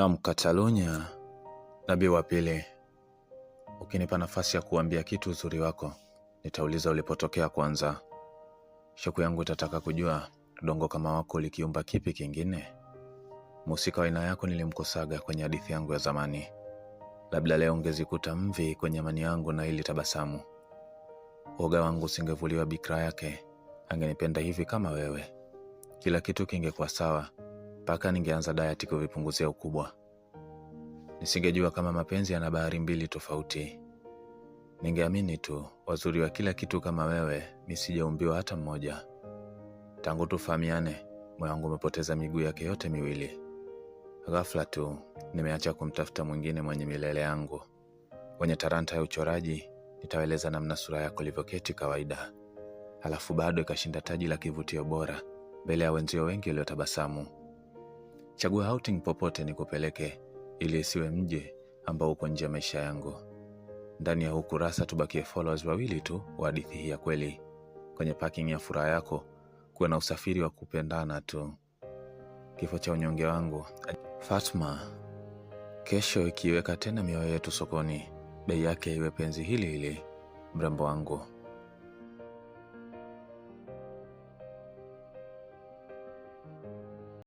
Naam, Katalunya, nabii wa pili. Ukinipa nafasi ya kuambia kitu uzuri wako, nitauliza ulipotokea kwanza. Shoku yangu itataka kujua dongo kama wako ulikiumba kipi kingine. Mhusika wa aina yako nilimkosaga kwenye hadithi yangu ya zamani. Labda leo ungezikuta mvi kwenye amani yangu na ili tabasamu. Uoga wangu usingevuliwa bikira yake, angenipenda hivi kama wewe. Kila kitu kingekuwa sawa mpaka ningeanza dayati kuvipunguzia ukubwa. Nisingejua kama mapenzi yana bahari mbili tofauti. Ningeamini tu wazuri wa kila kitu kama wewe, misijaumbiwa hata mmoja. Tangu tufahamiane, moyo wangu umepoteza miguu yake yote miwili. Ghafla tu nimeacha kumtafuta mwingine mwenye milele yangu. Kwenye taranta ya uchoraji, nitaeleza namna sura yako ilivyoketi kawaida, halafu bado ikashinda taji la kivutio bora mbele ya wenzio wengi waliotabasamu. Chagua outing popote nikupeleke, ili isiwe mje ambao uko nje ya maisha yangu. Ndani ya ukurasa tubakie followers wawili tu wa hadithi hii ya kweli. Kwenye parking ya furaha yako, kuwa na usafiri wa kupendana tu. Kifo cha unyonge wangu Fatma. Kesho ikiweka tena mioyo yetu sokoni, bei yake iwe penzi hili hili, mrembo wangu.